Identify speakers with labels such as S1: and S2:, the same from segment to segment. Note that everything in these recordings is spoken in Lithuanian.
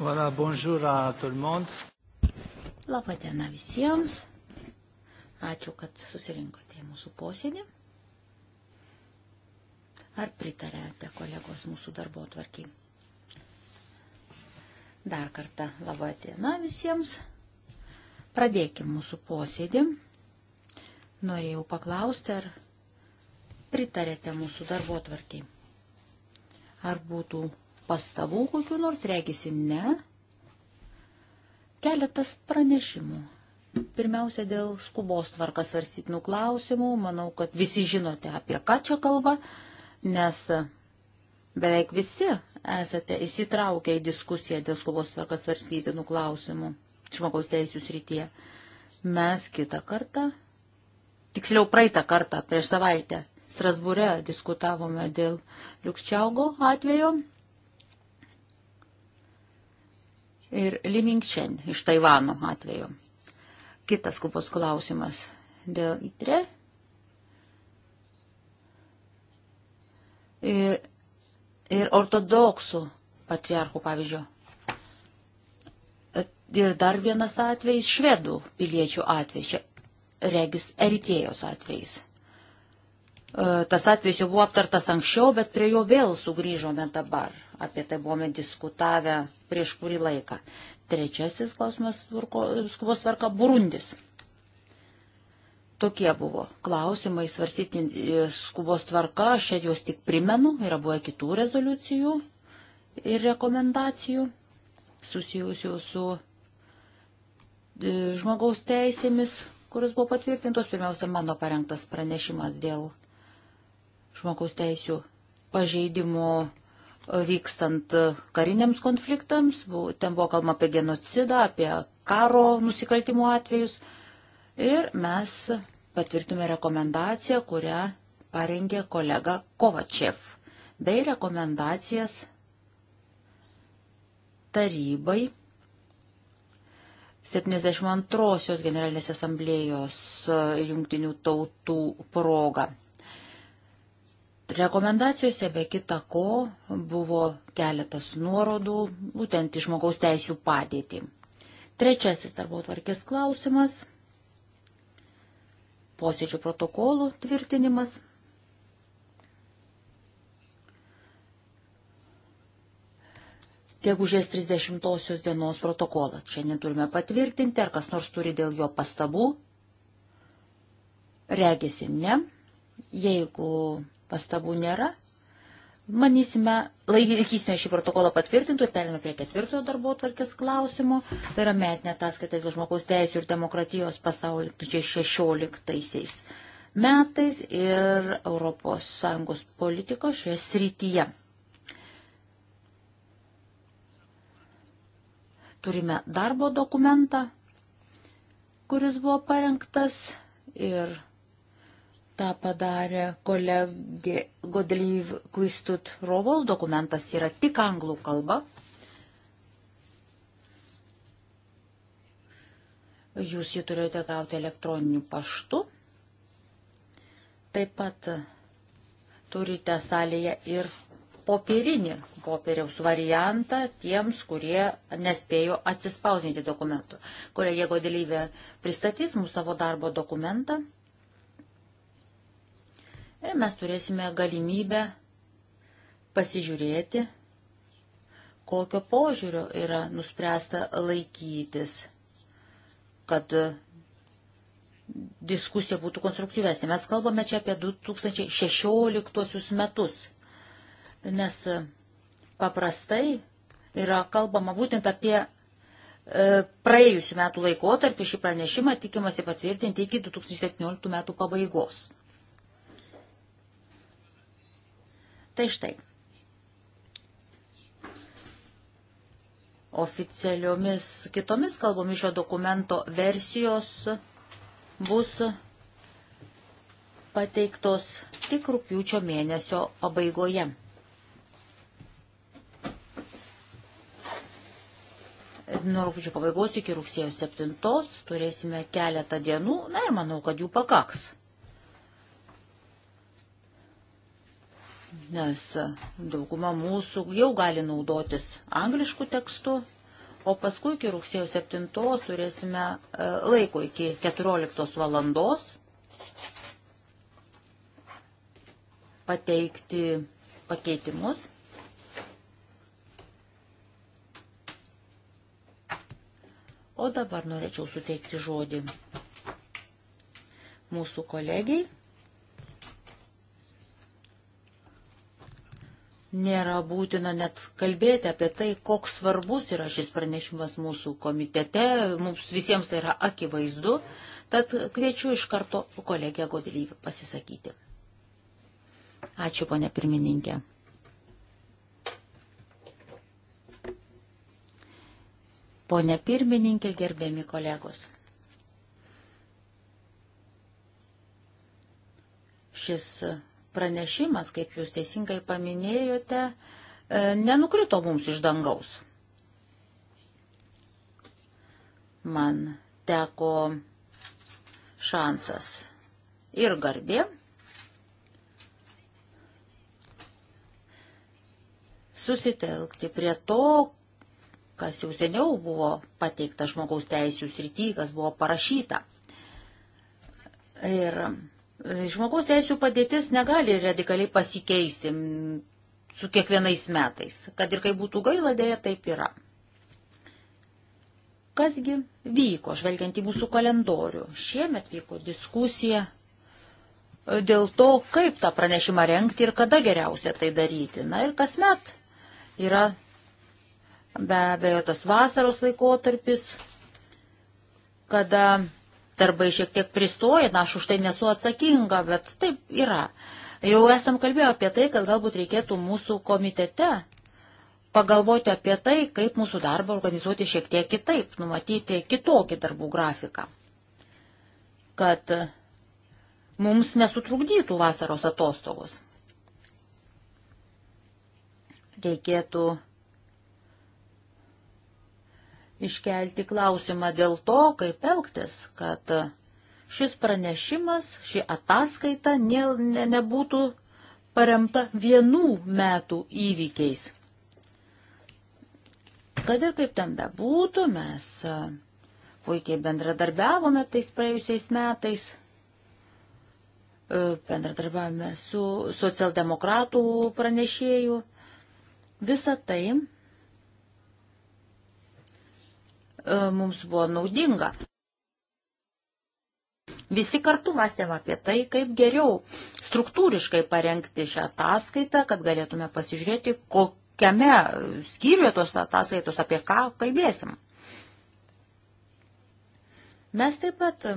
S1: Voilà, bonjour à tout le monde.
S2: Labą dieną visiems. Ačiū, kad susirinkote į mūsų posėdį. Ar pritarėte kolegos mūsų darbo tvarkiai? Dar kartą labą dieną visiems. Pradėkim mūsų posėdį. Norėjau paklausti, ar pritarėte mūsų darbo tvarkiai. Ar būtų pastabų kokiu nors, reikisi ne. Keletas pranešimų. Pirmiausia, dėl skubos tvarkas svarstytinų klausimų. Manau, kad visi žinote, apie ką čia kalba, nes beveik visi esate įsitraukę į diskusiją dėl skubos tvarkas svarstytinų klausimų žmogaus teisų srityje. Mes kitą kartą, tiksliau praeitą kartą, prieš savaitę Strasbūre diskutavome dėl Liukščiaugo atvejo ir Liming Chen iš Taivano atveju. Kitas skupos klausimas dėl ITRE. Ir, ir ortodoksų patriarchų pavyzdžio. Ir dar vienas atvejis švedų piliečių atvejis, čia regis Eritėjos atvejis. E, tas atvejis jau buvo aptartas anksčiau, bet prie jo vėl sugrįžome dabar. Apie tai buvome diskutavę prieš kurį laiką. Trečiasis klausimas skubos tvarka Burundis. Tokie buvo klausimai svarsyti e, skubos tvarka, aš čia juos tik primenu, yra buvę kitų rezoliucijų ir rekomendacijų susijusių su e, žmogaus teisėmis, kuris buvo patvirtintos. Pirmiausia, mano parengtas pranešimas dėl žmogaus teisų pažeidimo vykstant kariniams konfliktams, ten buvo kalbama apie genocidą, apie karo nusikaltimų atvejus. Ir mes patvirtume rekomendaciją, kurią parengė kolega Kovačev, bei rekomendacijas tarybai 72-osios generalinės asamblėjos jungtinių tautų proga. Rekomendacijose be kita ko buvo keletas nuorodų būtent į žmogaus teisų padėtį. Trečiasis darbo tvarkės klausimas - posėdžių protokolų tvirtinimas. Gegužės 30 dienos protokolą. Šiandien turime patvirtinti, ar kas nors turi dėl jo pastabų. Regisi ne. Jeigu pastabų nėra. Manysime, laikysime šį protokolą patvirtintų ir perėmė prie ketvirtojo darbo tvarkės klausimo. Tai yra metinė ataskaita dėl žmogaus teisų ir demokratijos pasaulio 2016 metais ir ES politikos šioje srityje. Turime darbo dokumentą, kuris buvo parengtas ir tą padarė kolegė Godlyv Kvistut Rovol, dokumentas yra tik anglų kalba. Jūs jį turėjote gauti elektroniniu paštu. Taip pat turite salėje ir popierinį popieriaus variantą tiems, kurie nespėjo atsispausdinti dokumentų. Kolegė Godelyvė pristatys mūsų savo darbo dokumentą ir mes turėsime galimybę pasižiūrėti, kokio požiūrio yra nuspręsta laikytis, kad diskusija būtų konstruktyvesnė. Mes kalbame čia apie 2016 metus, nes paprastai yra kalbama būtent apie e, praėjusių metų laikotarpį šį pranešimą tikimasi patvirtinti iki 2017 metų pabaigos. Tai štai. Oficialiomis kitomis kalbomis šio dokumento versijos bus pateiktos tik rūpiučio mėnesio pabaigoje. nuo rūpiučio pabaigos iki rugsėjo 7 turėsime keletą dienų, na ir manau, kad jų pakaks. nes dauguma mūsų jau gali naudotis angliškų tekstų, o paskui iki rugsėjo 7 turėsime e, laiko iki 14 valandos pateikti pakeitimus. O dabar norėčiau suteikti žodį mūsų kolegiai. nėra būtina net kalbėti apie tai, koks svarbus yra šis pranešimas mūsų komitete, mums visiems tai yra akivaizdu, tad kviečiu iš karto kolegę Godelyvę pasisakyti. Ačiū, ponė pirmininkė. Pone pirmininkė, gerbėmi kolegos. Šis pranešimas, kaip jūs teisingai paminėjote, e, nenukrito mums iš dangaus. Man teko šansas ir garbė susitelkti prie to, kas jau seniau buvo pateikta žmogaus teisų srity, kas buvo parašyta. Ir Žmogaus teisų padėtis negali radikaliai pasikeisti su kiekvienais metais. Kad ir kaip būtų gaila, dėja taip yra. Kasgi vyko, žvelgiant į mūsų kalendorių? Šiemet vyko diskusija dėl to, kaip tą pranešimą renkti ir kada geriausia tai daryti. Na ir kasmet yra be abejo tas vasaros laikotarpis, kada darbai šiek tiek pristoja, na, aš už tai nesu atsakinga, bet taip yra. Jau esam kalbėję apie tai, kad galbūt reikėtų mūsų komitete pagalvoti apie tai, kaip mūsų darbą organizuoti šiek tiek kitaip, numatyti kitokį darbų grafiką, kad mums nesutrukdytų vasaros atostogos. Reikėtų iškelti klausimą dėl to, kaip elgtis, kad šis pranešimas, ši ataskaita ne, ne, nebūtų paremta vienų metų įvykiais. Kad ir kaip ten bebūtų, mes puikiai bendradarbiavome tais praėjusiais metais, bendradarbiavome su socialdemokratų pranešėjų. Visą tai E, mums buvo naudinga. Visi kartu mąstėm apie tai, kaip geriau struktūriškai parengti šią ataskaitą, kad galėtume pasižiūrėti, kokiame skyriuje tos ataskaitos, apie ką kalbėsim. Mes taip pat e,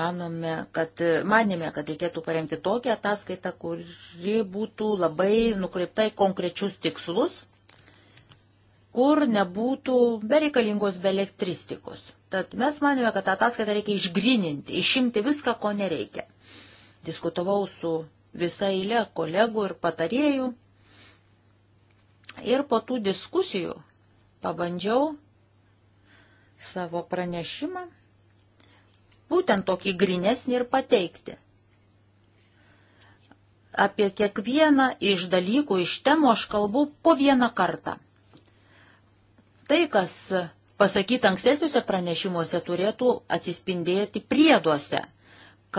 S2: manome, kad, e, manėme, kad reikėtų parengti tokią ataskaitą, kuri būtų labai nukreipta į konkrečius tikslus kur nebūtų bereikalingos be elektristikos. Tad mes manėme, kad tą ataskaitą reikia išgrininti, išimti viską, ko nereikia. Diskutavau su visa eilė kolegų ir patarėjų. Ir po tų diskusijų pabandžiau savo pranešimą būtent tokį grinesnį ir pateikti. Apie kiekvieną iš dalykų, iš temų aš kalbu po vieną kartą. Tai, kas pasakyta ankstesniuose pranešimuose, turėtų atsispindėti prieduose,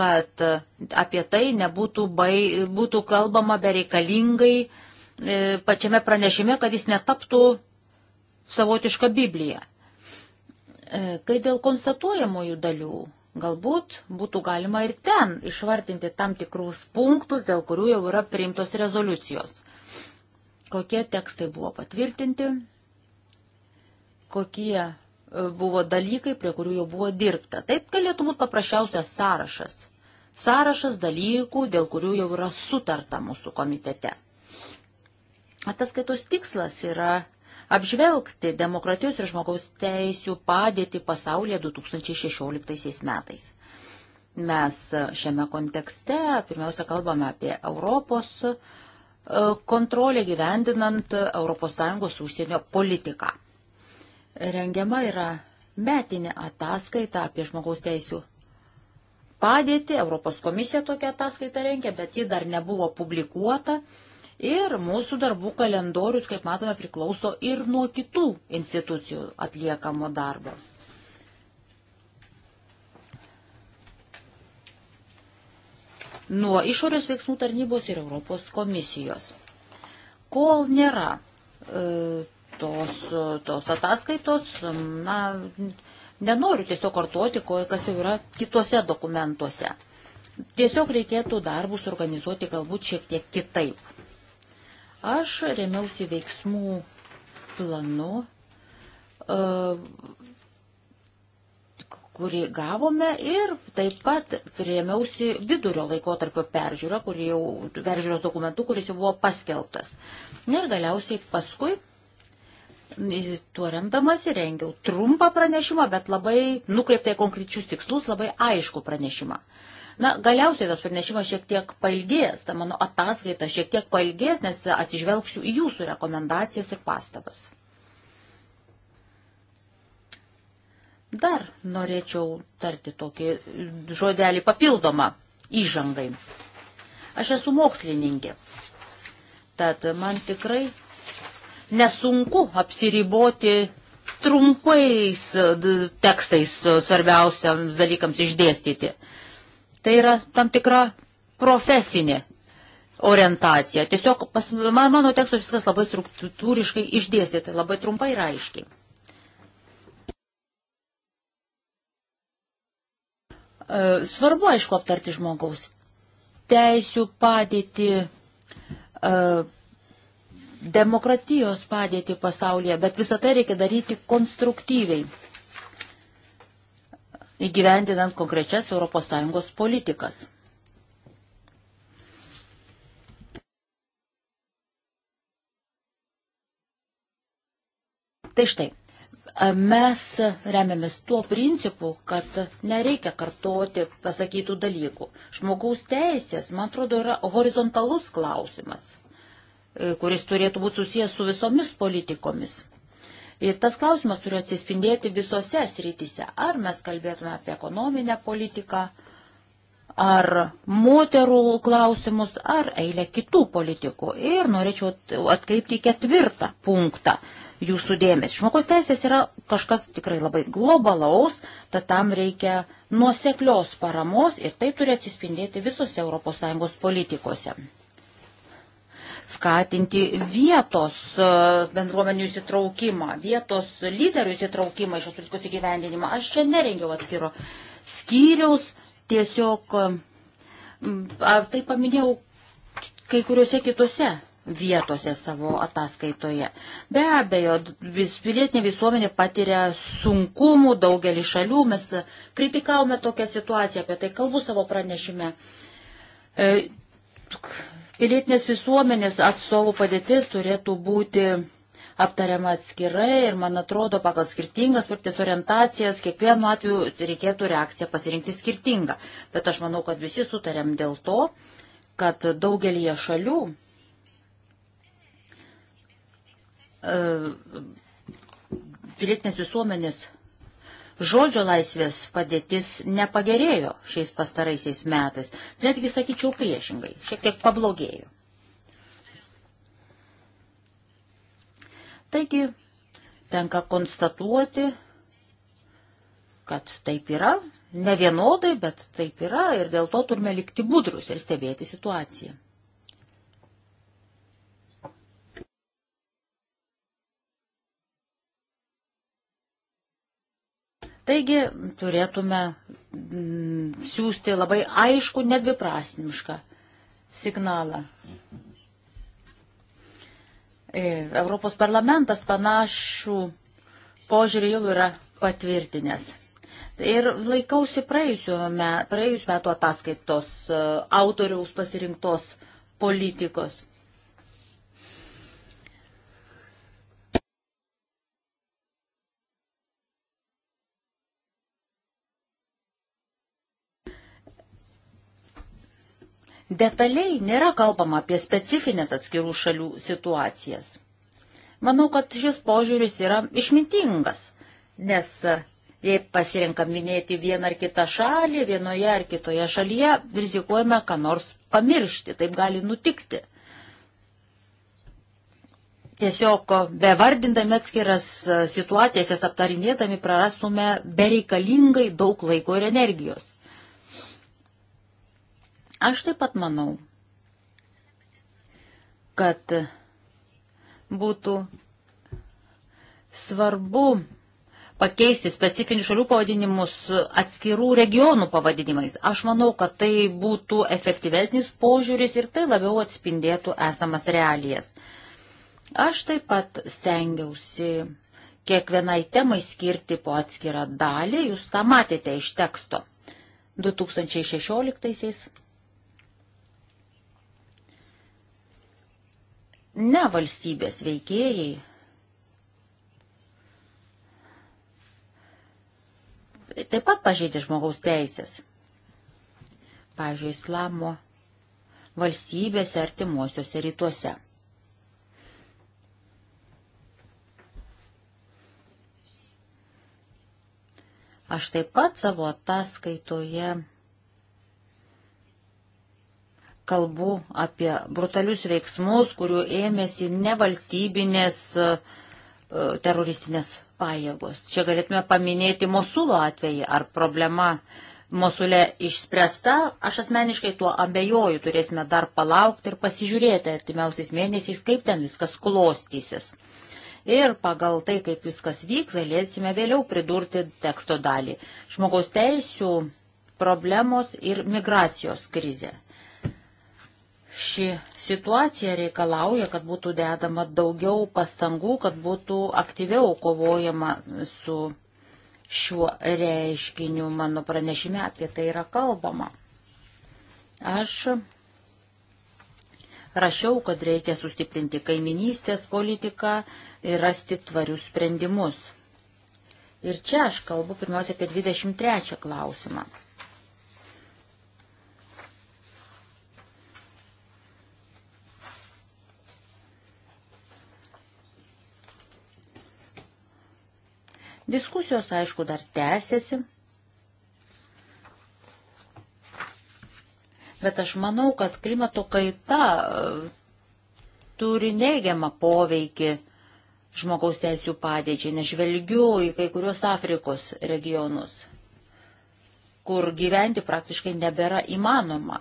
S2: kad apie tai nebūtų bai, būtų kalbama bereikalingai e, pačiame pranešime, kad jis netaptų savotišką Bibliją. E, kai dėl konstatuojamųjų dalių, galbūt būtų galima ir ten išvardinti tam tikrus punktus, dėl kurių jau yra priimtos rezoliucijos. Kokie tekstai buvo patvirtinti, kokie e, buvo dalykai, prie kurių jau buvo dirbta. Tai galėtų būti paprasčiausias sąrašas. Sąrašas dalykų, dėl kurių jau yra sutarta mūsų komitete. Ataskaitos tikslas yra apžvelgti demokratijos ir žmogaus teisių padėtį pasaulyje 2016 metais. Mes šiame kontekste pirmiausia kalbame apie Europos e, kontrolę gyvendinant ES užsienio politiką rengiama yra metinė ataskaita apie žmogaus teisų padėtį. Europos komisija tokią ataskaitą rengia, bet ji dar nebuvo publikuota. Ir mūsų darbų kalendorius, kaip matome, priklauso ir nuo kitų institucijų atliekamo darbo. Nuo išorės veiksmų tarnybos ir Europos komisijos. Kol nėra e, tos, tos ataskaitos, na, nenoriu tiesiog kartuoti, kas jau yra kituose dokumentuose. Tiesiog reikėtų darbus organizuoti galbūt šiek tiek kitaip. Aš remiausi veiksmų planu, e, kurį gavome ir taip pat remiausi vidurio laikotarpio peržiūrą, jau, peržiūros dokumentų, kuris jau buvo paskelbtas. Ir galiausiai paskui Tuo remdamas įrengiau trumpą pranešimą, bet labai nukreiptai konkrečius tikslus, labai aišku pranešimą. Na, galiausiai tas pranešimas šiek tiek pailgės, ta mano ataskaita šiek tiek pailgės, nes atsižvelgsiu į jūsų rekomendacijas ir pastabas. Dar norėčiau tarti tokį žodelį papildomą įžangai. Aš esu mokslininkė, tad man tikrai nesunku apsiriboti trumpais e, tekstais e, svarbiausiams dalykams išdėstyti. Tai yra tam tikra profesinė orientacija. Tiesiog pas, man, mano tekstas viskas labai struktūriškai išdėstyta, labai trumpai ir aiškiai. E, svarbu, aišku, aptarti žmogaus teisių padėti, demokratijos padėtį pasaulyje, bet visą tai reikia daryti konstruktyviai, įgyvendinant konkrečias ES politikas. Tai štai, mes remiamės tuo principu, kad nereikia kartoti pasakytų dalykų. Žmogaus teisės, man atrodo, yra horizontalus klausimas. E, kuris turėtų būti susijęs su visomis politikomis. Ir tas klausimas turi atsispindėti visose srityse. Ar mes kalbėtume apie ekonominę politiką, ar moterų klausimus, ar eilę kitų politikų. Ir norėčiau atkreipti į ketvirtą punktą jūsų dėmesį. Žmogaus teisės yra kažkas tikrai labai globalaus, tad tam reikia nuoseklios paramos ir tai turi atsispindėti visose ES politikose skatinti vietos e, bendruomenių įsitraukimą, vietos lyderių įsitraukimą šios politikos įgyvendinimą. Aš čia nerengiau atskiro skyriaus, tiesiog e, tai paminėjau kai kuriuose kitose vietose savo ataskaitoje. Be abejo, vis, pilietinė visuomenė patiria sunkumų daugelį šalių, mes kritikavome tokią situaciją, apie tai kalbu savo pranešime. E, Pilietinės visuomenės atstovų padėtis turėtų būti aptariama atskirai ir, man atrodo, pagal skirtingas partijas orientacijas, kiekvienu atveju reikėtų reakciją pasirinkti skirtingą. Bet aš manau, kad visi sutarėm dėl to, kad daugelie šalių e, pilietinės visuomenės Žodžio laisvės padėtis nepagerėjo šiais pastaraisiais metais, netgi sakyčiau priešingai, šiek tiek pablogėjo. Taigi, tenka konstatuoti, kad taip yra, ne vienodai, bet taip yra ir dėl to turime likti budrus ir stebėti situaciją. Taigi turėtume mm, siūsti labai aišku, nedviprasmišką signalą. E, Europos parlamentas panašų požiūrį jau yra patvirtinęs. Ir laikausi praėjusių me, praėjusių metų ataskaitos e, autoriaus pasirinktos politikos. detaliai nėra kalbama apie specifines atskirų šalių situacijas. Manau, kad šis požiūris yra išmintingas, nes jei pasirinkam minėti vieną ar kitą šalį, vienoje ar kitoje šalyje, rizikuojame, ką nors pamiršti, taip gali nutikti. Tiesiog bevardindami atskiras situacijas, jas aptarinėdami, prarastume bereikalingai daug laiko ir energijos. Aš taip pat manau, kad būtų svarbu pakeisti specifinių šalių pavadinimus atskirų regionų pavadinimais. Aš manau, kad tai būtų efektyvesnis požiūris ir tai labiau atspindėtų esamas realijas. Aš taip pat stengiausi kiekvienai temai skirti po atskirą dalį, jūs tą matėte iš teksto. 2016 ne valstybės veikėjai taip pat pažeidė žmogaus teisės. Pavyzdžiui, islamo valstybėse artimuosiuose rytuose. Aš taip pat savo ataskaitoje kalbu apie brutalius veiksmus, kurių ėmėsi nevalstybinės e, e, teroristinės pajėgos. Čia galėtume paminėti Mosulo atvejį, ar problema Mosule išspręsta, aš asmeniškai tuo abejoju, turėsime dar palaukti ir pasižiūrėti artimiausiais mėnesiais, kaip ten viskas klostysis. Ir pagal tai, kaip viskas vyks, galėsime vėliau pridurti teksto dalį. Žmogaus teisų problemos ir migracijos krizė. Ši situacija reikalauja, kad būtų dedama daugiau pastangų, kad būtų aktyviau kovojama su šiuo reiškiniu. Mano pranešime apie tai yra kalbama. Aš rašiau, kad reikia sustiprinti kaiminystės politiką ir rasti tvarius sprendimus. Ir čia aš kalbu pirmiausia apie 23 klausimą. Diskusijos, aišku, dar tęsiasi. Bet aš manau, kad klimato kaita e, turi neigiamą poveikį žmogaus teisų padėčiai, nežvelgiu į kai kurios Afrikos regionus, kur gyventi praktiškai nebėra įmanoma.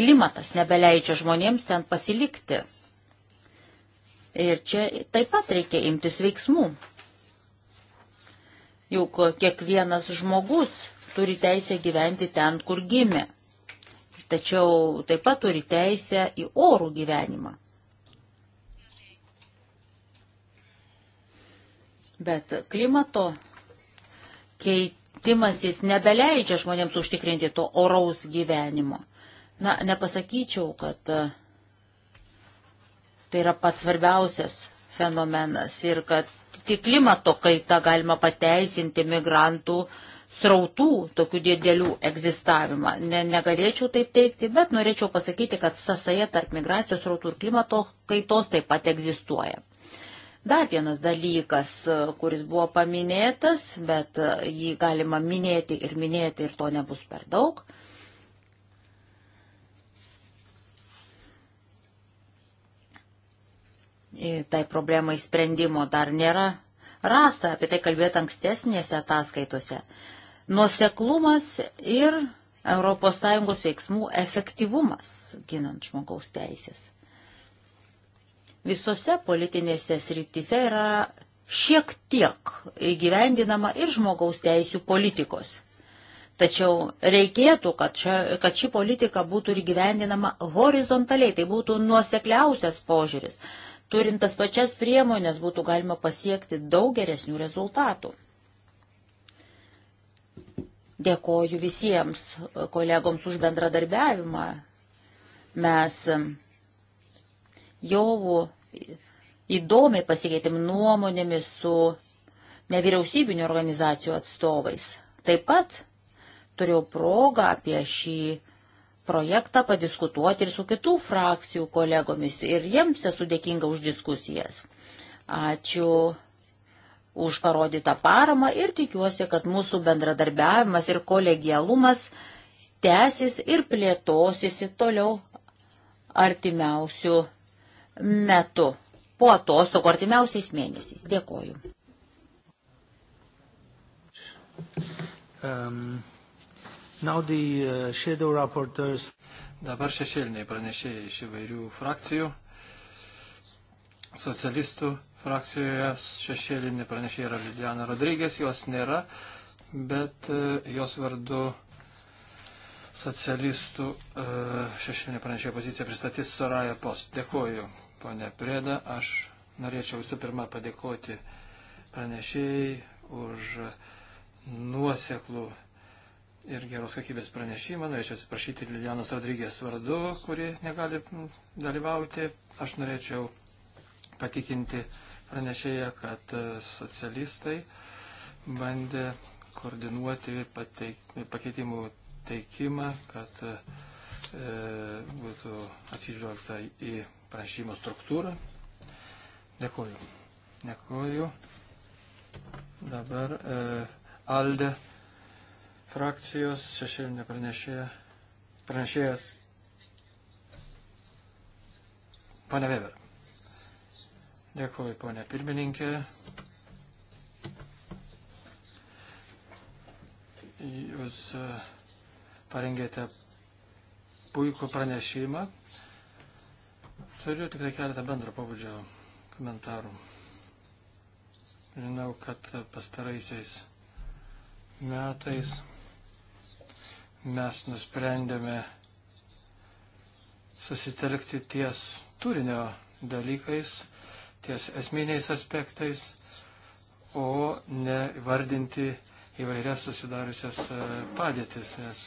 S2: Klimatas nebeleidžia žmonėms ten pasilikti. Ir čia taip pat reikia imtis veiksmų. Juk kiekvienas žmogus turi teisę gyventi ten, kur gimė. Tačiau taip pat turi teisę į orų gyvenimą. Bet klimato keitimasis nebeleidžia žmonėms užtikrinti to oraus gyvenimo. Na, nepasakyčiau, kad e, tai yra pats svarbiausias fenomenas ir kad tik klimato kaitą galima pateisinti migrantų srautų tokių didelių egzistavimą. Ne, negalėčiau taip teikti, bet norėčiau pasakyti, kad sąsaja tarp migracijos srautų ir klimato kaitos taip pat egzistuoja. Dar vienas dalykas, kuris buvo paminėtas, bet jį galima minėti ir minėti ir to nebus per daug. Uh, tai problemai sprendimo dar nėra rasta, apie tai kalbėt ankstesnėse ataskaitose. Nuseklumas ir ES veiksmų efektyvumas ginant žmogaus teisės. Visose politinėse srityse yra šiek tiek įgyvendinama ir žmogaus teisų politikos. Tačiau reikėtų, kad, šia, kad ši politika būtų įgyvendinama horizontaliai, tai būtų nuosekliausias požiūris turint tas pačias priemonės būtų galima pasiekti daug geresnių rezultatų. Dėkoju visiems kolegoms už bendradarbiavimą. Mes jau įdomiai pasikeitėm nuomonėmis su nevyriausybinio organizacijų atstovais. Taip pat turėjau progą apie šį projektą padiskutuoti ir su kitų frakcijų kolegomis. Ir jiems esu dėkinga už diskusijas. Ačiū už parodytą paramą ir tikiuosi, kad mūsų bendradarbiavimas ir kolegialumas tęsis ir plėtosisi toliau artimiausių metų, po atostogų artimiausiais mėnesiais. Dėkoju.
S1: Um. The, uh, Dabar šešėliniai pranešėjai iš įvairių frakcijų. Socialistų frakcijoje šešėlinį pranešėją yra Lidiana Rodrygės, jos nėra, bet uh, jos vardu socialistų uh, e, šešėlinį pranešėjo poziciją pristatys Soraja Post. Dėkuoju, ponė Prėda. Aš norėčiau visų pirma padėkoti pranešėjai už nuoseklų ir geros kokybės pranešimą. Norėčiau atsiprašyti Lilianos Rodrygės vardu, kuri negali dalyvauti. Aš norėčiau patikinti pranešėją, kad e, socialistai bandė koordinuoti pateik, pakeitimų teikimą, kad e, būtų atsižvelgta į prašymo struktūrą. Dėkuoju. Dėkuoju. Dabar e, Alde frakcijos šešėlinė pranešėja, pranešėjas Pane Weber. Dėkuoju, ponė pirmininkė. Jūs e, parengėte puikų pranešimą. Turiu tik tai keletą bendro pobūdžio komentarų. Žinau, kad pastaraisiais metais. Mm mes nusprendėme susitelkti ties turinio dalykais, ties esminiais aspektais, o ne vardinti įvairias susidariusias e, padėtis, nes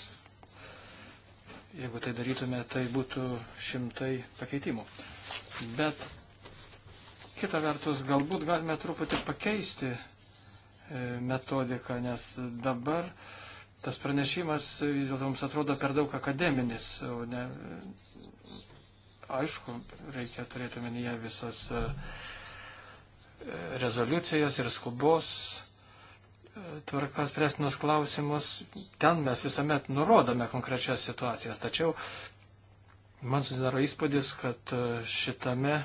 S1: jeigu tai darytume, tai būtų šimtai pakeitimų. Bet kita vertus, galbūt galime truputį pakeisti e, metodiką, nes dabar uh, tas pranešimas vis dėlto mums atrodo per daug akademinis, o ne. Aišku, reikia turėti omenyje visas e, rezoliucijas ir skubos e, tvarkas prestinus klausimus. Ten mes visuomet nurodome konkrečias situacijas. Tačiau man susidaro įspūdis, kad e, šitame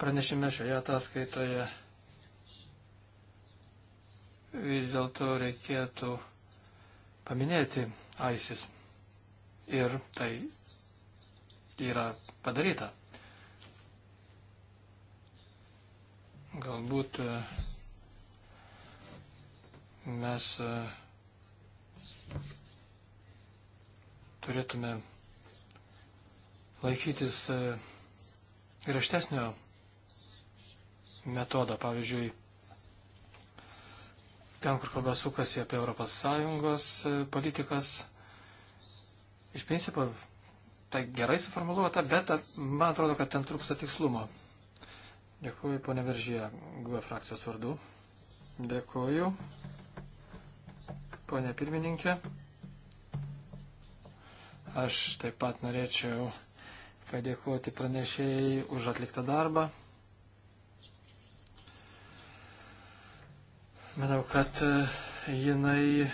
S1: pranešime šioje ataskaitoje vis dėlto reikėtų paminėti ISIS. Ir tai yra padaryta. Galbūt e, mes e, turėtume laikytis griežtesnio e, metodo, pavyzdžiui, ten, kur kalba sukasi apie ES e, politikas, iš principo tai gerai suformuluota, bet man atrodo, kad ten trūksta tikslumo. Dėkuoju, ponė Veržyje, GUE frakcijos vardu. Dėkuoju, ponė pirmininkė. Aš taip pat norėčiau padėkoti pranešėjai už atliktą darbą. Manau, kad e, jinai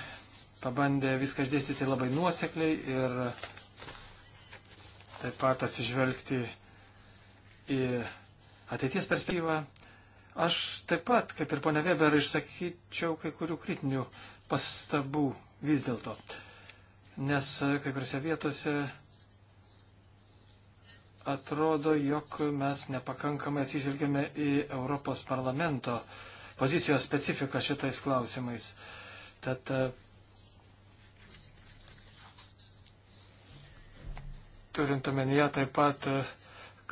S1: pabandė viską išdėstyti labai nuosekliai ir taip pat atsižvelgti į ateities perspektyvą. Aš taip pat, kaip ir ponia Weber, išsakyčiau kai kurių kritinių pastabų vis dėlto, nes e, kai kuriuose vietose atrodo, jog mes nepakankamai atsižvelgiame į Europos parlamento uh, pozicijos specifiką šitais klausimais. Tad e, turint omenyje taip pat, e,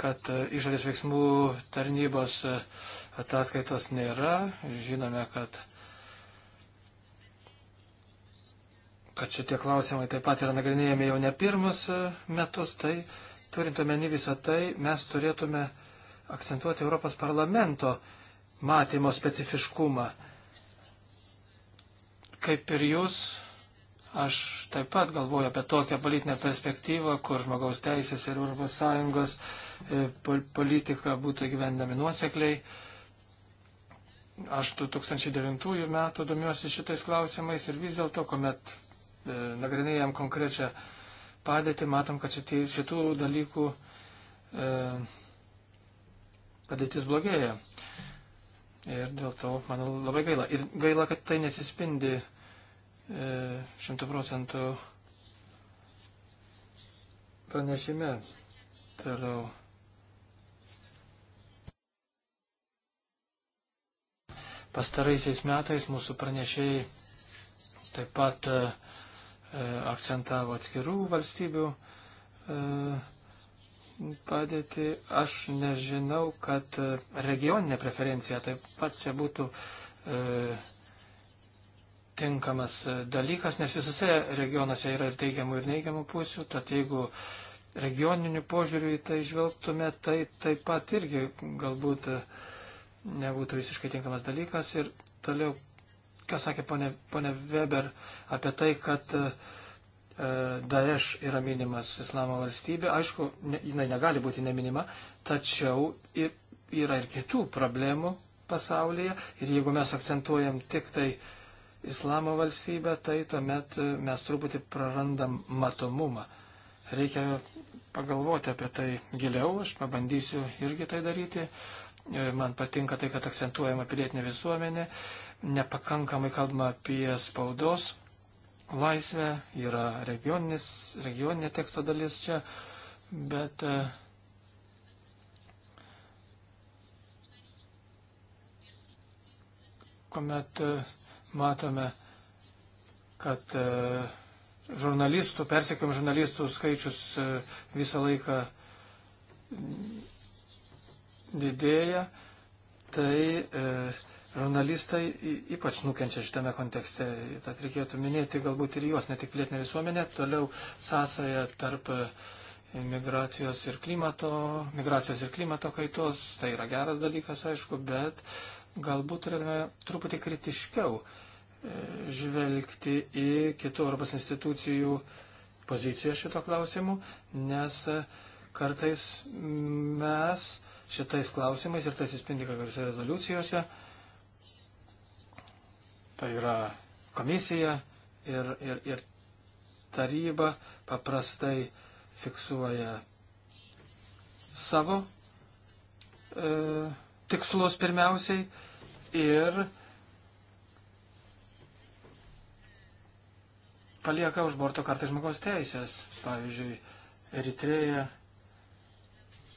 S1: kad e, išorės veiksmų tarnybos ataskaitos nėra, žinome, kad kad šitie klausimai taip pat yra nagrinėjami jau ne pirmus metus, tai turint omeny visą tai, mes turėtume akcentuoti Europos parlamento matymo specifiškumą. Kaip ir jūs, aš taip pat galvoju apie tokią politinę perspektyvą, kur žmogaus teisės ir ES e, politika būtų gyvendami nuosekliai. Aš 2009 metų domiuosi šitais klausimais ir vis dėlto, kuomet e, nagrinėjom konkrečią padėtį, matom, kad šitie, šitų dalykų e, padėtis blogėja. E, Ir dėl to, man labai gaila. Ir gaila, kad tai nesispindi e, šimtų procentų pranešime. Toliau. Pastaraisiais metais mūsų pranešėjai taip pat e, akcentavo atskirų valstybių e, padėtį, aš nežinau, kad e, regioninė preferencija taip pat čia būtų e, tinkamas e, dalykas, nes visose regionuose yra ir teigiamų, ir neigiamų pusių, tad jeigu regioniniu požiūriu į tai žvelgtume, tai taip pat irgi galbūt e, nebūtų visiškai tinkamas dalykas. Ir toliau, ką sakė ponė, ponė Weber apie tai, kad e, E, Daesh yra minimas Islamo valstybė. Aišku, ne, jinai negali būti neminima, tačiau yra ir kitų problemų pasaulyje. Ir jeigu mes akcentuojam tik tai Islamo valstybę, tai tuomet e, mes truputį prarandam matomumą. Reikia pagalvoti apie tai giliau, aš pabandysiu irgi tai daryti. E, Man patinka tai, kad akcentuojama pilietinė visuomenė, nepakankamai kalbama apie spaudos laisvę, yra regioninė teksto dalis čia, bet e, kuomet e, matome, kad e, žurnalistų, persekiojimų žurnalistų skaičius visą laiką didėja, tai e, žurnalistai ypač nukenčia šitame kontekste. Tad reikėtų minėti galbūt ir juos, ne tik plėtinę visuomenę, toliau sąsąją tarp e, migracijos ir klimato, migracijos ir klimato kaitos. Tai yra geras dalykas, aišku, bet galbūt turėtume truputį kritiškiau e, žvelgti į kitų Europos institucijų poziciją šito klausimu, nes e, kartais mes šitais klausimais ir tai atsispindi kai kuriuose rezoliucijose, tai yra komisija ir, ir, ir taryba paprastai fiksuoja savo e, tikslus pirmiausiai ir palieka už borto kartais žmogaus teisės. Pavyzdžiui, Eritreja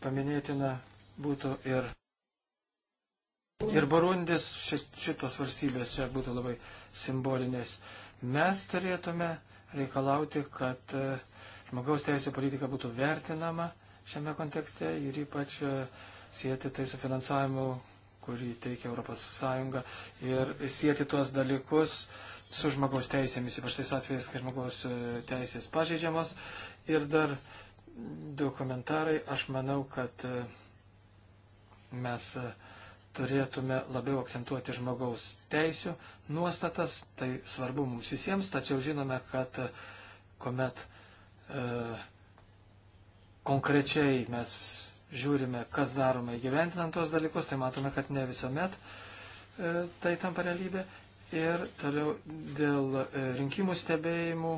S1: paminėtina būtų ir Ir Burundis šitos valstybės čia būtų labai simbolinės. Mes turėtume reikalauti, kad e, žmogaus teisų politika būtų vertinama šiame kontekste ir ypač e, sieti tai su finansavimu, kurį teikia ES ir sieti tuos dalykus su žmogaus teisėmis, ypač tais atvejais, kai žmogaus e, teisės pažeidžiamos. Ir dar du komentarai. Aš manau, kad mes. Uh, turėtume labiau akcentuoti žmogaus teisų nuostatas, tai svarbu mums visiems, tačiau žinome, kad e, kuomet e, konkrečiai mes žiūrime, kas darome įgyventinant tos dalykus, tai matome, kad ne visuomet e, tai tampa realybė. Ir toliau dėl e, rinkimų stebėjimų,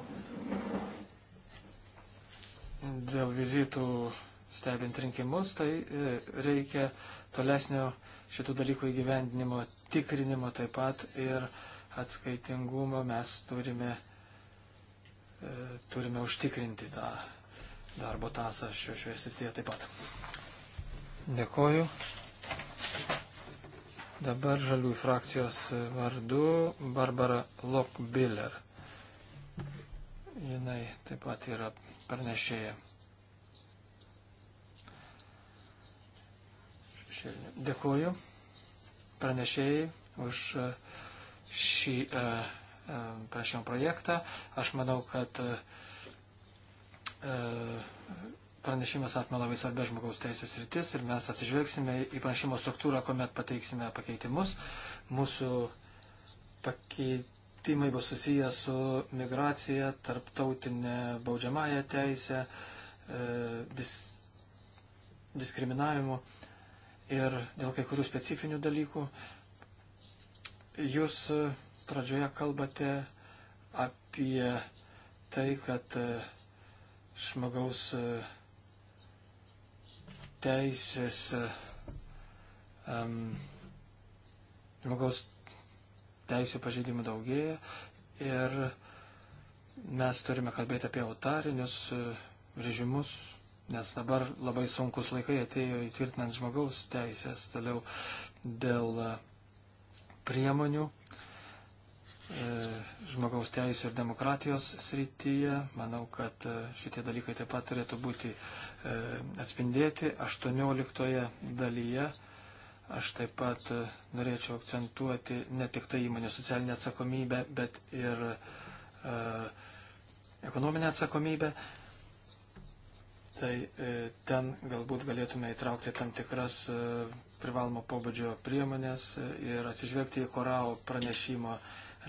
S1: dėl vizitų stebint rinkimus, tai e, reikia tolesnio šitų dalykų įgyvendinimo, tikrinimo taip pat ir atskaitingumo mes turime, e, turime užtikrinti tą darbo tasą šio, šioje srityje taip pat. Dėkoju. Dabar žalių frakcijos vardu Barbara Lokbiller. Jinai taip pat yra pranešėja. šešėlinė. Dėkuoju pranešėjai už e, šį e, e, prašymą projektą. Aš manau, kad pranešimas atma labai svarbia žmogaus teisų sritis ir mes atsižvelgsime į pranešimo struktūrą, kuomet pateiksime pakeitimus. Mūsų pakeitimai bus susiję su migracija, tarptautinė baudžiamąją teisę, dis, diskriminavimu. E, ir dėl kai kurių specifinių dalykų. Jūs e, pradžioje kalbate apie tai, kad e, žmogaus e, teisės, um, žmogaus teisų pažeidimų daugėja ir mes turime kalbėti apie autarinius režimus, nes dabar labai sunkus laikai atėjo įtvirtinant žmogaus teisės, toliau dėl e, priemonių e, žmogaus teisų ir demokratijos srityje. Manau, kad e, šitie dalykai taip pat turėtų būti atspindėti 18 dalyje. Aš taip pat norėčiau akcentuoti ne tik tai įmonės socialinę atsakomybę, bet ir ekonominę atsakomybę tai e, ten galbūt galėtume įtraukti tam tikras e, privalomo pobūdžio priemonės e, ir atsižvelgti į Korao pranešimo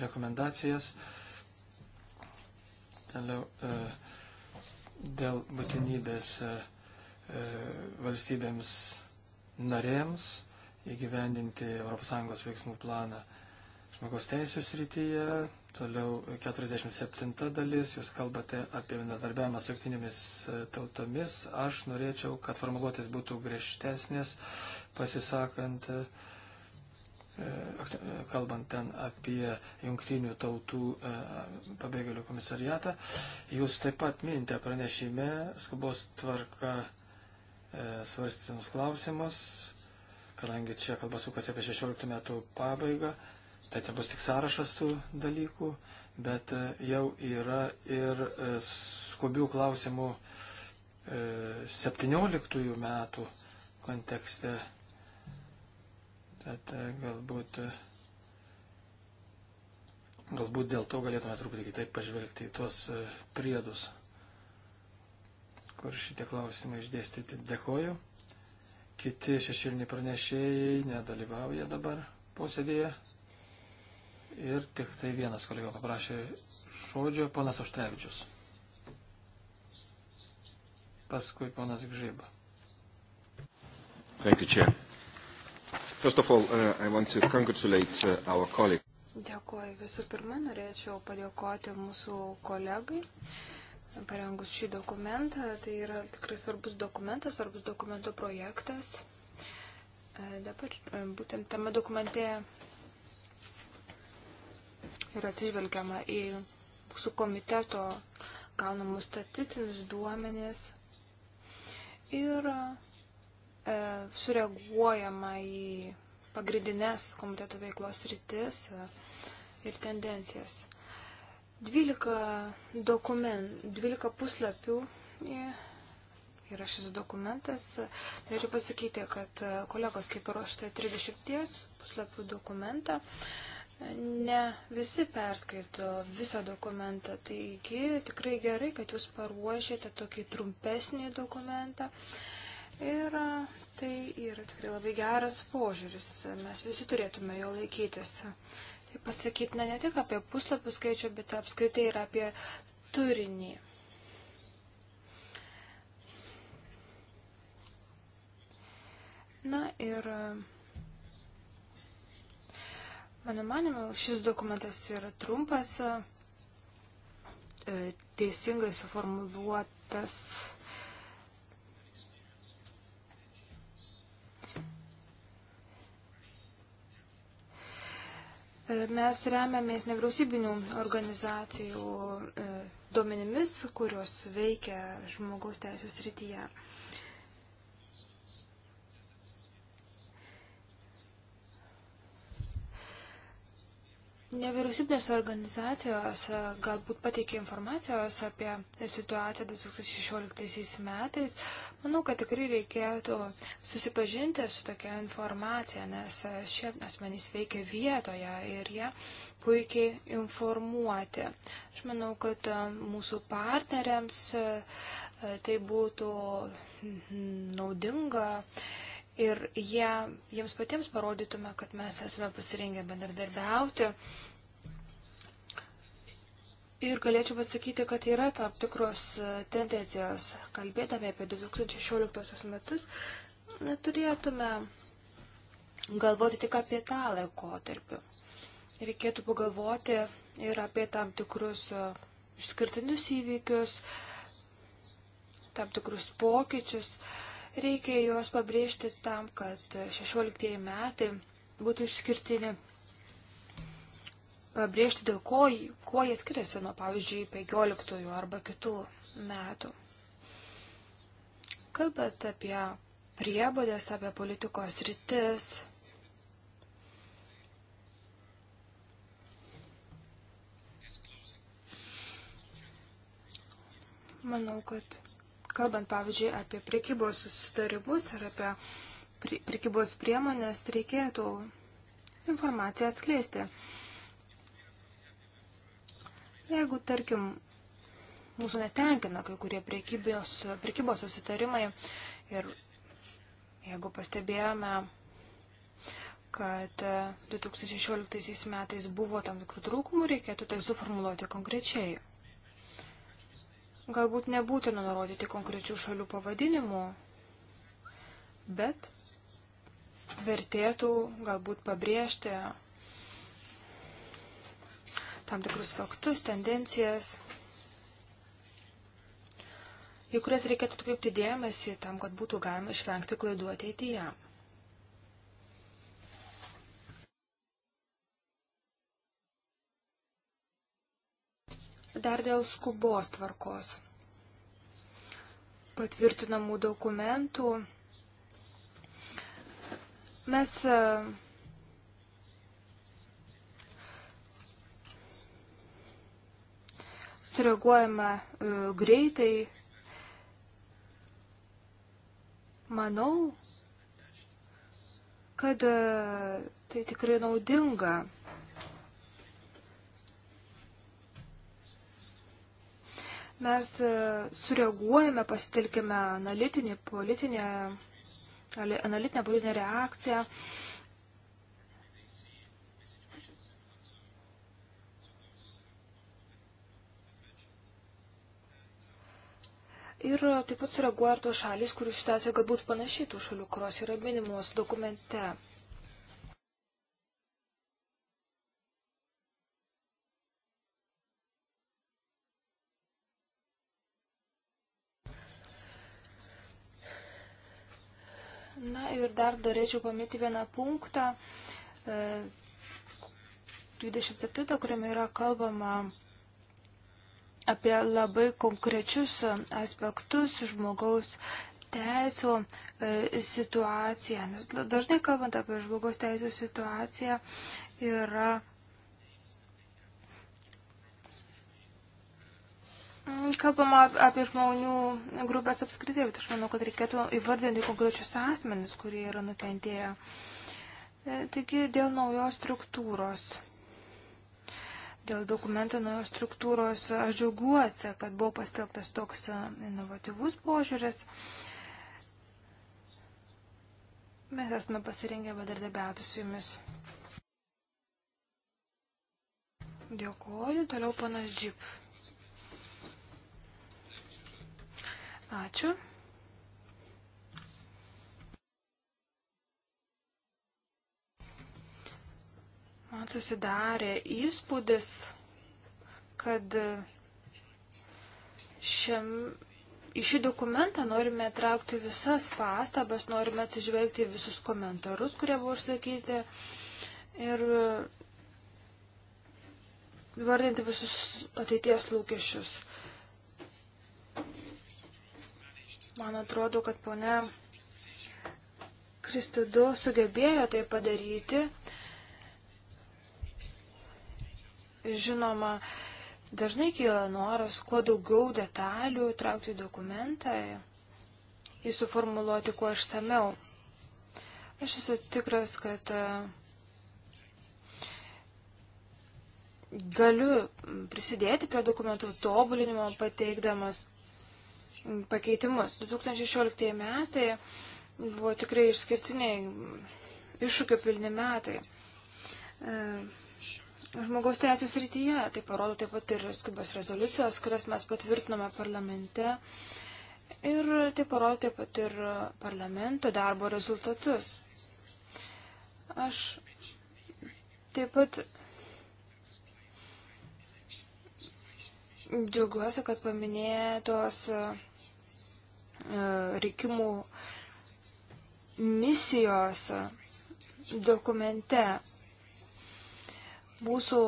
S1: rekomendacijas. Toliau dėl būtinybės valstybėms narėms įgyvendinti ES veiksmų planą žmogaus teisų srityje, Toliau 47 dalis, jūs kalbate apie bendradarbiavimą su jungtinėmis e, tautomis. Aš norėčiau, kad formuluotės būtų griežtesnės, pasisakant, e, e, kalbant ten apie jungtinių tautų pabėgėlių komisariatą. Jūs taip pat minite pranešime skubos tvarka svarstytinus klausimus, kadangi čia kalba sukasi apie 16 metų pabaigą, Tai čia bus tik sąrašas tų dalykų, bet e, jau yra ir e, skubių klausimų 17 e, metų kontekste. Tad galbūt, galbūt dėl to galėtume truputį kitaip pažvelgti į tuos priedus, kur šitie klausimai išdėstyti. Dėkoju. Kiti šešiliniai pranešėjai nedalyvauja dabar posėdėje. Ir tik tai vienas kolega paprašė žodžio, ponas Oštrevičius. Paskui ponas Gžyba. Thank you,
S2: Chair. First of all, uh, I want to congratulate uh, our
S1: colleague.
S3: Dėkuoju. Visų pirma, norėčiau padėkoti mūsų kolegai parengus šį dokumentą. Tai yra tikrai svarbus dokumentas, svarbus dokumento projektas. E, dabar e, būtent tame dokumente yra atsižvelgiama į su komiteto gaunamus statistinius duomenis ir e, sureaguojama į pagrindinės komiteto veiklos rytis e, ir tendencijas. 12, dokument, 12 puslapių yra šis dokumentas. Norėčiau pasakyti, kad e, kolegos kaip paruošta 30 puslapių dokumentą. E, Ne visi perskaito visą dokumentą, taigi tikrai gerai, kad jūs paruošėte tokį trumpesnį dokumentą. Ir tai yra tikrai labai geras požiūris, mes visi turėtume jo laikytis. Tai pasakyti ne, ne tik apie puslapių skaičių, bet apskritai ir apie turinį. Na ir. Uh, Mano manimu, šis dokumentas yra trumpas, e, teisingai suformuluotas. E, mes remiamės nevyriausybinių organizacijų e, duomenimis, kurios veikia žmogaus teisų srityje. Nevyriausybinės organizacijos e, galbūt pateikė informacijos apie situaciją 2016 metais. Manau, kad tikrai reikėtų susipažinti su tokia informacija, nes e, šie asmenys veikia vietoje ir jie puikiai informuoti. Aš manau, kad e, mūsų partneriams tai būtų naudinga ir jie, jiems patiems parodytume, kad mes esame pasirengę bendradarbiauti. Ir galėčiau pasakyti, kad yra tam tikros e, tendencijos, kalbėdami apie 2016 metus, neturėtume galvoti tik apie tą laikotarpį. Reikėtų pagalvoti ir apie tam tikrus e, išskirtinius įvykius, tam tikrus pokyčius, uh, Reikia juos pabrėžti tam, kad 16 metai būtų išskirtini. Pabrėžti, dėl ko, kuo jie skiriasi nuo, pavyzdžiui, 15 arba kitų metų. Kalbant apie priebodės, apie politikos rytis, manau, kad kalbant pavyzdžiui apie prekybos susitarimus ar apie prekybos priemonės, reikėtų informaciją atskleisti. Jeigu, tarkim, mūsų netenkina kai kurie prekybos, prekybos susitarimai ir jeigu pastebėjome, kad 2016 e, metais buvo tam tikrų trūkumų, reikėtų tai suformuluoti konkrečiai galbūt nebūtina nurodyti konkrečių šalių pavadinimų, bet vertėtų galbūt pabrėžti tam tikrus faktus, tendencijas, į kurias reikėtų atkreipti dėmesį tam, kad būtų galima išvengti klaidų ateityje. Dar dėl skubos tvarkos. Patvirtinamų dokumentų. Mes e, sureaguojame e, greitai. Manau, kad e, tai tikrai naudinga mes e, sureaguojame, pasitelkime analitinį, politinę, analitinę politinę reakciją. Ir taip pat sureaguoja ir tos šalis, kurių situacija galbūt panašiai tų šalių, kurios yra minimos dokumente. ir dar norėčiau paminėti vieną punktą 27, e, kuriame yra kalbama apie labai konkrečius aspektus žmogaus teisų e, situaciją. Nes dažnai kalbant apie žmogaus teisų situaciją yra Mm, kalbama apie žmonių grupės apskritai, bet aš manau, kad reikėtų įvardinti konkrečius asmenis, kurie yra nukentėję. E, taigi dėl naujos struktūros, dėl dokumento naujos struktūros, aš džiaugiuosi, kad buvo pasitelktas toks e, inovatyvus požiūris. Mes esame pasirengę bendradarbiauti su jumis. Dėkuoju, toliau panas Džip. Ačiū. Man susidarė įspūdis, kad šiam, į šį dokumentą norime traukti visas pastabas, norime atsižvelgti visus komentarus, kurie buvo užsakyti ir vardinti visus ateities lūkesčius. Man atrodo, kad ponia Kristidu sugebėjo tai padaryti. Žinoma, dažnai kyla noras kuo daugiau detalių traukti į dokumentą, jį suformuluoti kuo išsameu. Aš esu tikras, kad e, galiu prisidėti prie dokumentų tobulinimo, pateikdamas pakeitimus. 2016 metai buvo tikrai išskirtiniai iššūkių pilni metai. E, žmogaus teisės rytyje, tai parodo taip pat ir skubios rezoliucijos, kurias mes patvirtinome parlamente. Ir tai parodo taip pat ir parlamento darbo rezultatus. Aš taip pat džiaugiuosi, kad paminėtos tos E, reikimų misijos dokumente. Mūsų,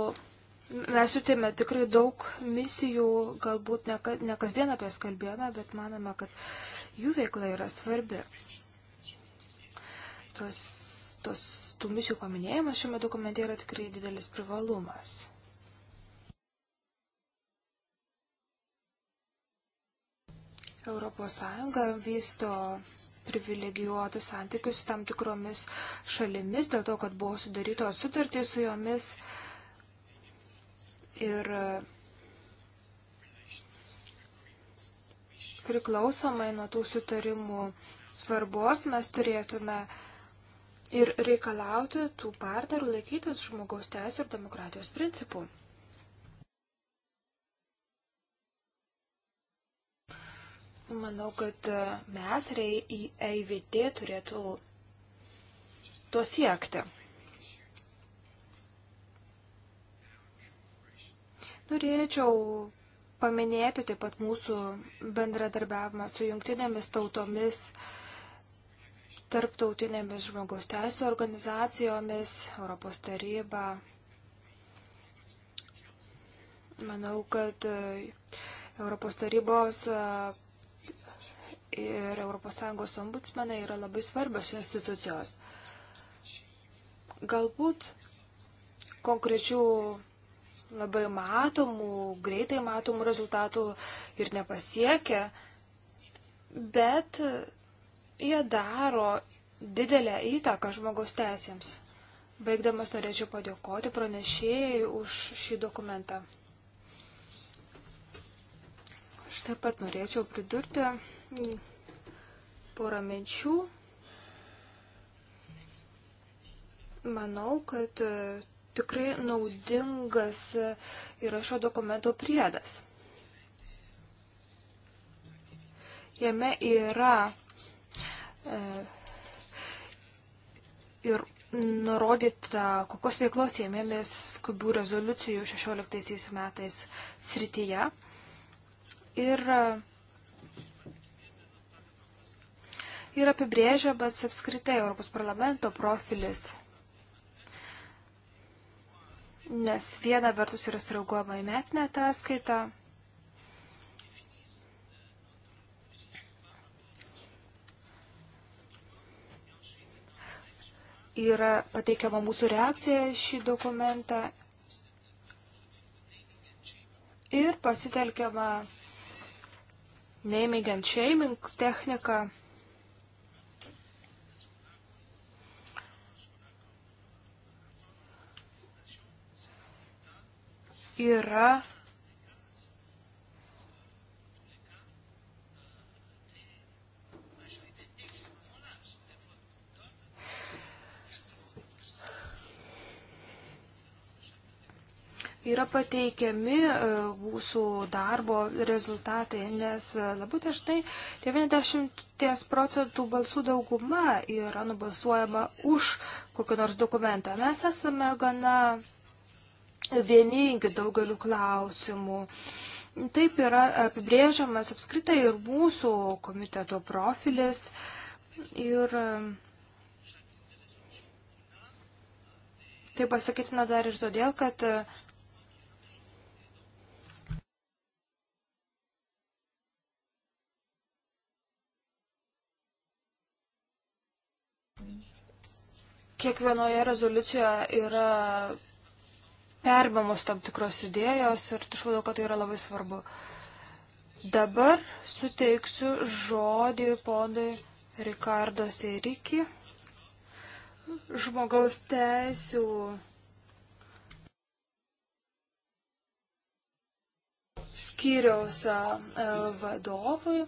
S3: mes jutėme tikrai daug misijų, galbūt ne, ne kasdien apie jas kalbėjome, bet manome, kad jų veikla yra svarbi. Tos, tos, tų misijų paminėjimas šiame dokumente yra tikrai didelis privalumas. ES vysto privilegijuotus santykius su tam tikromis šalimis, dėl to, kad buvo sudarytos sutartys su jomis. Ir priklausomai nuo tų sutarimų svarbos mes turėtume ir reikalauti tų partnerių laikytis žmogaus teisų ir demokratijos principų. Manau, kad e, mes, EIVT, turėtų to siekti. Norėčiau paminėti taip pat mūsų bendradarbiavimą su jungtinėmis tautomis, tarptautinėmis žmogaus teisų organizacijomis, Europos taryba. Manau, kad e, Europos tarybos e, ir ES ombudsmenai yra labai svarbios institucijos. Galbūt konkrečių labai matomų, greitai matomų rezultatų ir nepasiekia, bet jie daro didelę įtaką žmogaus teisėms. Baigdamas norėčiau padėkoti pranešėjai už šį dokumentą. Aš taip pat norėčiau pridurti porą minčių. Manau, kad e, tikrai naudingas e, yra šio dokumento priedas. Jame yra e, ir nurodyta, kokios veiklos ėmėmės skubių rezoliucijų 16 metais srityje. Ir e, ir apibrėžiamas apskritai Europos parlamento profilis. Nes viena vertus yra sureaguojama į metinę ataskaitą, yra pateikiama mūsų reakcija šį dokumentą ir pasitelkiama naming and shaming technika. yra yra pateikiami e, mūsų darbo rezultatai, nes e, labai dažnai 90 procentų balsų dauguma yra nubalsuojama už kokį nors dokumentą. Mes esame gana vieningi daugeliu klausimų. Taip yra apibrėžiamas apskritai ir mūsų komiteto profilis. Ir tai pasakytina dar ir todėl, kad kiekvienoje rezoliucijoje yra perbamos tam tikros idėjos ir aš manau, kad tai yra labai svarbu. Dabar suteiksiu žodį ponui Rikardo Seiriki, žmogaus teisų skyriaus e, vadovui.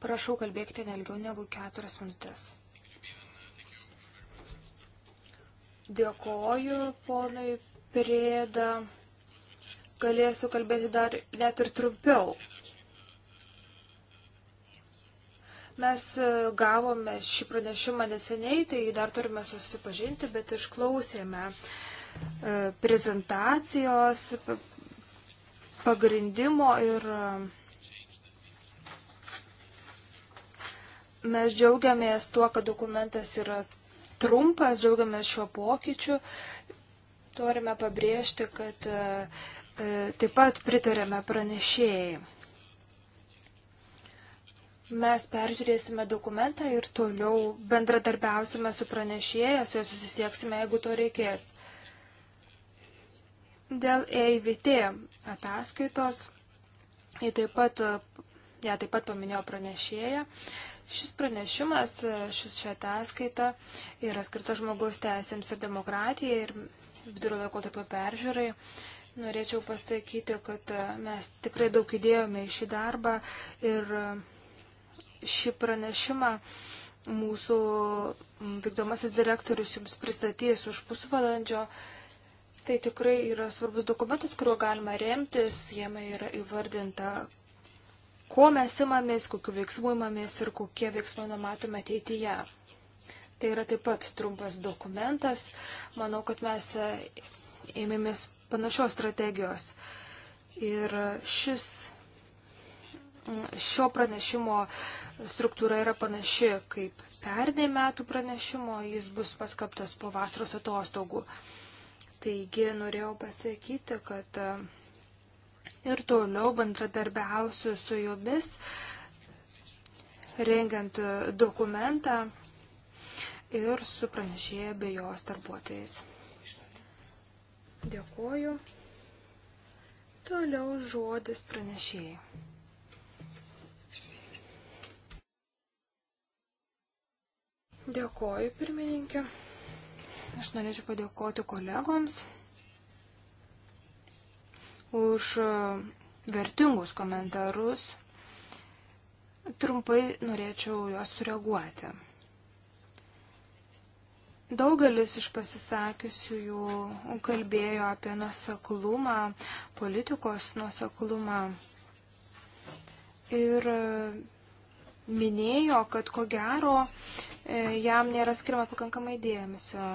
S3: Prašau kalbėkite nelgiau negu keturias minutės. Dėkoju ponui Prėda. Galėsiu kalbėti dar net ir trumpiau. Mes e, gavome šį pranešimą neseniai, tai dar turime susipažinti, bet išklausėme e, prezentacijos pagrindimo ir e, mes džiaugiamės tuo, kad dokumentas yra trumpas, džiaugiamės šiuo pokyčiu. Turime pabrėžti, kad e, e, taip pat pritarėme pranešėjai. Mes peržiūrėsime dokumentą ir toliau bendradarbiausime su pranešėja, su juo susisieksime, jeigu to reikės. Dėl EIVT ataskaitos, jie taip pat, jie ja, taip pat paminėjo pranešėją, Šis pranešimas, šis šią ataskaitą yra skirta žmogaus teisėms ir demokratijai ir vidurio laikotarpio peržiūrai. Norėčiau pasakyti, kad e, mes tikrai daug įdėjome į šį darbą ir e, šį pranešimą mūsų vykdomasis direktorius jums pristatys už pusvalandžio. Tai tikrai yra svarbus dokumentas, kuriuo galima remtis, jame yra įvardinta, ko mes imamės, kokiu veiksmu imamės ir kokie veiksmai numatome ateityje. Tai yra taip pat trumpas dokumentas. Manau, kad mes e, ėmėmės panašios strategijos. Ir šis, šio pranešimo struktūra yra panaši kaip pernai metų pranešimo, jis bus paskaptas po vasaros atostogų. Taigi norėjau pasakyti, kad uh, ir toliau bendradarbiausiu su jumis, rengiant dokumentą ir su pranešėja bei jos darbuotojais. Dėkuoju. Toliau žodis pranešėjai. Dėkoju, pirmininkė. Aš norėčiau padėkoti kolegoms už e, vertingus komentarus. Trumpai norėčiau juos sureaguoti. Daugelis iš pasisakiusiųjų kalbėjo apie nuoseklumą, politikos nuoseklumą ir e, minėjo, kad ko gero e, jam nėra skirima pakankamai dėmesio.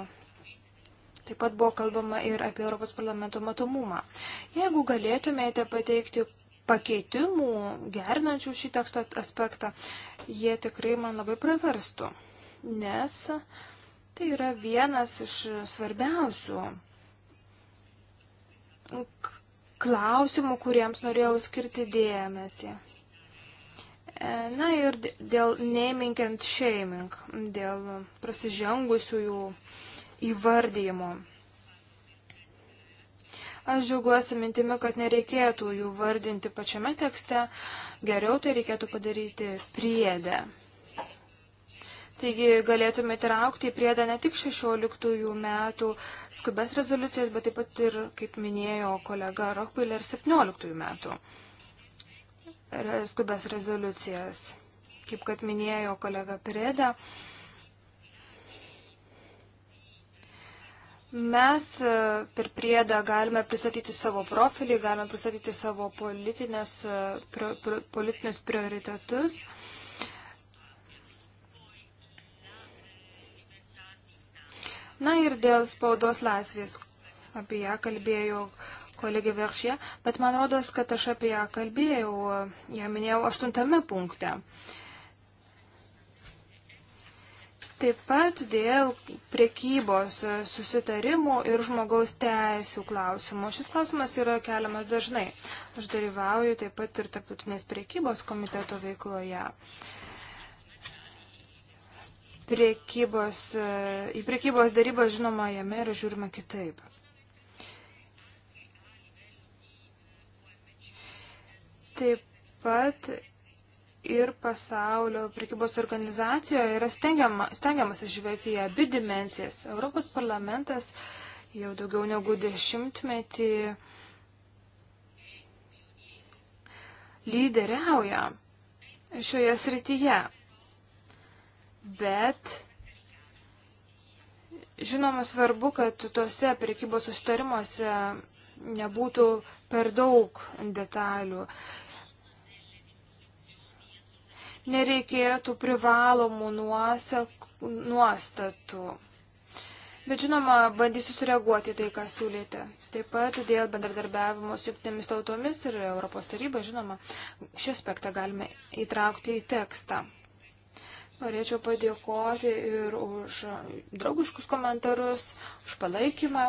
S3: Taip pat buvo kalbama ir apie Europos parlamento matomumą. Jeigu galėtumėte pateikti pakeitimų, gerinančių šį teksto aspektą, jie tikrai man labai praverstų, nes tai yra vienas iš svarbiausių klausimų, kuriems norėjau skirti dėmesį. E, na ir dėl naming and shaming, dėl prasižengusiųjų jų įvardyjimo. Aš džiaugiuosi mintimi, kad nereikėtų jų vardinti pačiame tekste, geriau tai reikėtų padaryti priedę. Taigi galėtume įtraukti į priedą ne tik 16 metų skubės rezoliucijas, bet taip pat ir, kaip minėjo kolega Rochbiller, 17 metų skubės rezoliucijas. Kaip kad minėjo kolega Pirėda, Mes e, per priedą galime pristatyti savo profilį, galime pristatyti savo politinės, e, pri, pri, politinius prioritetus. Na ir dėl spaudos laisvės, apie ją kalbėjau kolegė Veršė, bet man rodos, kad aš apie ją kalbėjau, e, ją minėjau aštuntame punkte. Uh, Taip pat dėl priekybos e, susitarimų ir žmogaus teisų klausimų. Šis klausimas yra keliamas dažnai. Aš dalyvauju taip pat ir tarptautinės priekybos komiteto veikloje. Priekybos, e, į priekybos darybą žinoma jame yra žiūrima kitaip. Taip pat ir pasaulio prekybos organizacijoje yra stengiama, stengiamas išvelgti į abi dimensijas. Europos parlamentas jau daugiau negu dešimtmetį lyderiauja šioje srityje. Bet žinoma svarbu, kad tuose prekybos sustarimuose nebūtų per daug detalių nereikėtų privalomų nuosak, nuostatų. Bet žinoma, bandysiu sureaguoti tai, ką siūlėte. Taip pat dėl bendradarbiavimo su jungtinėmis tautomis ir Europos taryba, žinoma, šį aspektą galime įtraukti į tekstą. Norėčiau padėkoti ir už draugiškus komentarus, už palaikymą.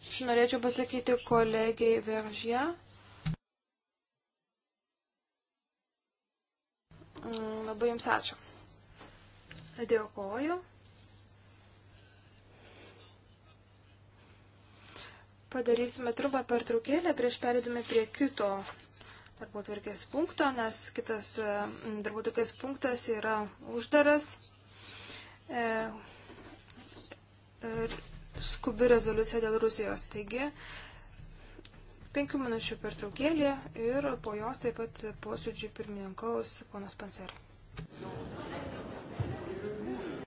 S3: Aš norėčiau pasakyti kolegiai Veržė, Mm, labai jums ačiū. Dėkoju. Padarysime trumpą pertraukėlę prieš perėdami prie kito darbo tvarkės punkto, nes kitas mm, darbo tvarkės punktas yra uždaras. E, skubi rezoliucija dėl Rusijos. Taigi, Penkių minučių pertraukėlė ir po jos taip pat posėdžiui pirmininkaus ponas Pancer.